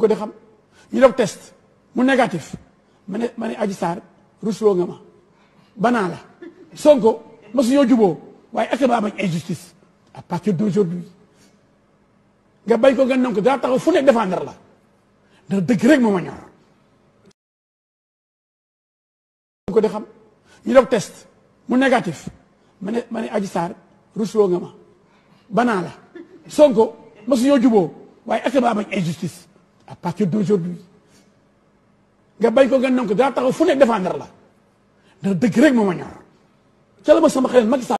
du ko di xam ñu def test mu négatif ma ne ma ne nga ma banaa la Sonko ma suñoo juboo waaye est-ce que maa bañ injustice nga bañ ko nga nangu ko daa taxaw dëgg rek mu négatif ma ne ma Sonko ma suñoo waaye est-ce que maa bañ injustice à partir d'aujourd'hui nga bañ ko nga nangu ko daa taxaw fu nekk défendre la ndax dëgg rek moo ma ñor ca la ma sama xel ma Sall